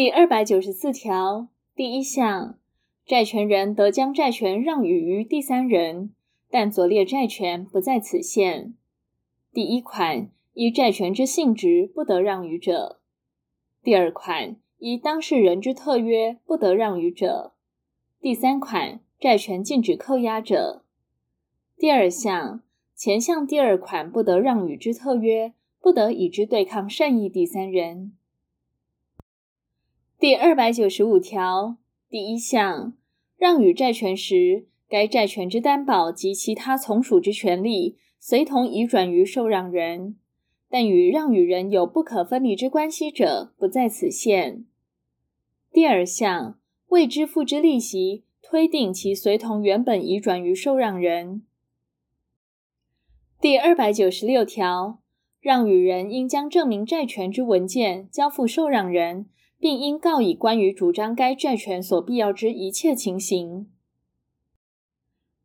第二百九十四條第一項，債權人得將債權讓與於第三人，但左列債權不在此限。第一款依債權之性質不得讓與者；第二款依當事人之特約不得讓與者；第三款債權禁止扣押者。第二項前項第二款不得讓與之特約，不得以之對抗善意第三人。第二百九十五條第一項，讓與債權時，該債權之擔保及其他從屬之權利隨同移轉於受讓人，但與讓與人有不可分離之關係者，不在此限。第二項，未支付之利息，推定其隨同原本移轉於受讓人。第二百九十六條，讓與人應將證明債權之文件交付受讓人。並應告以關於主張該債權所必要之一切情形。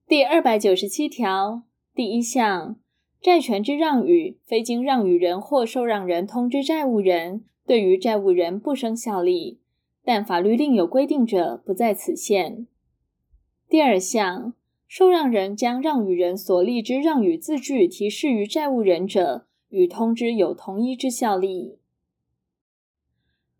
第二百九十七條第一項，債權之讓與，非經讓與人或受讓人通知債務人，對於債務人不生效力，但法律另有規定者不在此限。第二項，受讓人將讓與人所立之讓與字據提示於債務人者，與通知有同一之效力。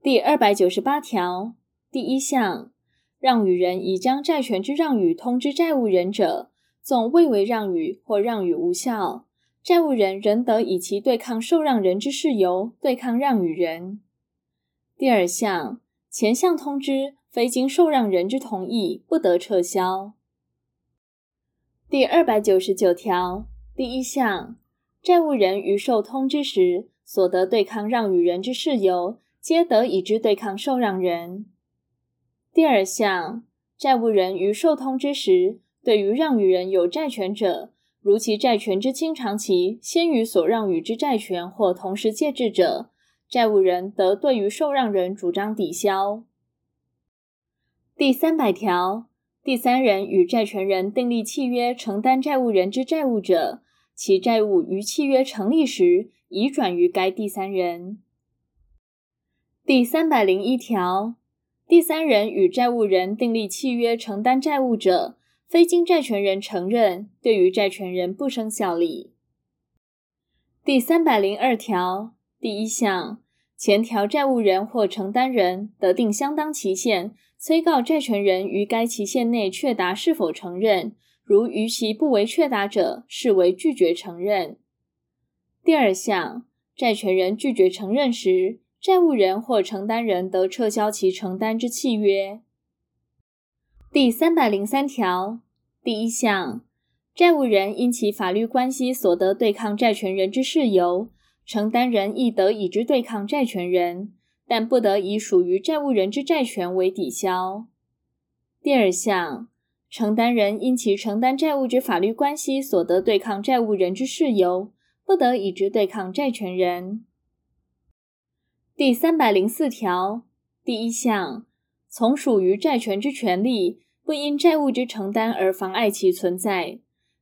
第二百九十八條第一項，讓與人已將債權之讓與通知債務人者，縱未為讓與或讓與無效，債務人仍得以其對抗受讓人之事由對抗讓與人。第二項，前項通知非經受讓人之同意，不得撤銷。第二百九十九條第一項，債務人於受通知時，所得對抗讓與人之事由，皆得以之對抗受讓人。第二項，債務人於受通知時，對於讓與人有債權者，如其債權之清償期先於所讓與之債權或同時屆至者，債務人得對於受讓人主張抵銷。第三百條，第三人與債權人訂立契約，承擔債務人之債務者，其債務於契約成立時移轉於該第三人。第三百零一條，第三人與債務人訂立契約承擔債務者，非經債權人承認，對於債權人不生效力。第三百零二條第一項，前條債務人或承擔人得定相當期限，催告債權人於該期限內確答是否承認，如逾期不為確答者，視為拒絕承認。第二項，債權人拒絕承認時，債務人或承擔人得撤銷其承擔之契約。第三百零三條第一項，債務人因其法律關係所得對抗債權人之事由，承擔人亦得以之對抗債權人，但不得以屬於債務人之債權為抵銷。第二項，承擔人因其承擔債務之法律關係所得對抗債務人之事由，不得以之對抗債權人。第三百零四條第一項，從屬於債權之權利，不因債務之承擔而妨礙其存在，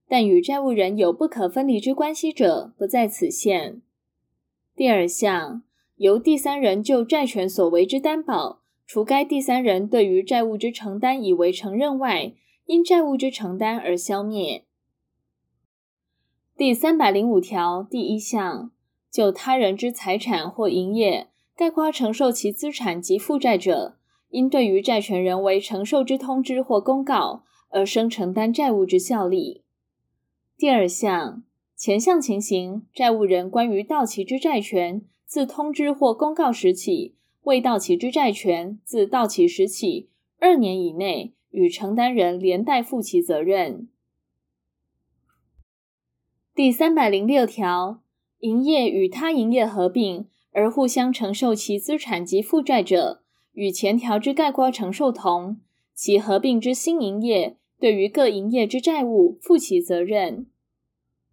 但與債務人有不可分離之關係者，不在此限。第二項，由第三人就債權所為之擔保，除該第三人對於債務之承擔已為承認外，因債務之承擔而消滅。第三百零五條第一項，就他人之財產或營業。概括承受其資產及負債者，因對於債權人為承受之通知或公告而生承擔債務之效力。第二項，前項情形，債務人關於到期之債權，自通知或公告時起，未到期之債權，自到期時起二年以內，與承擔人連帶負其責任。第三百零六條，營業與他營業合併。而互相承受其資產及負債者，與前條之概括承受同，其合併之新營業對於各營業之債務負其責任。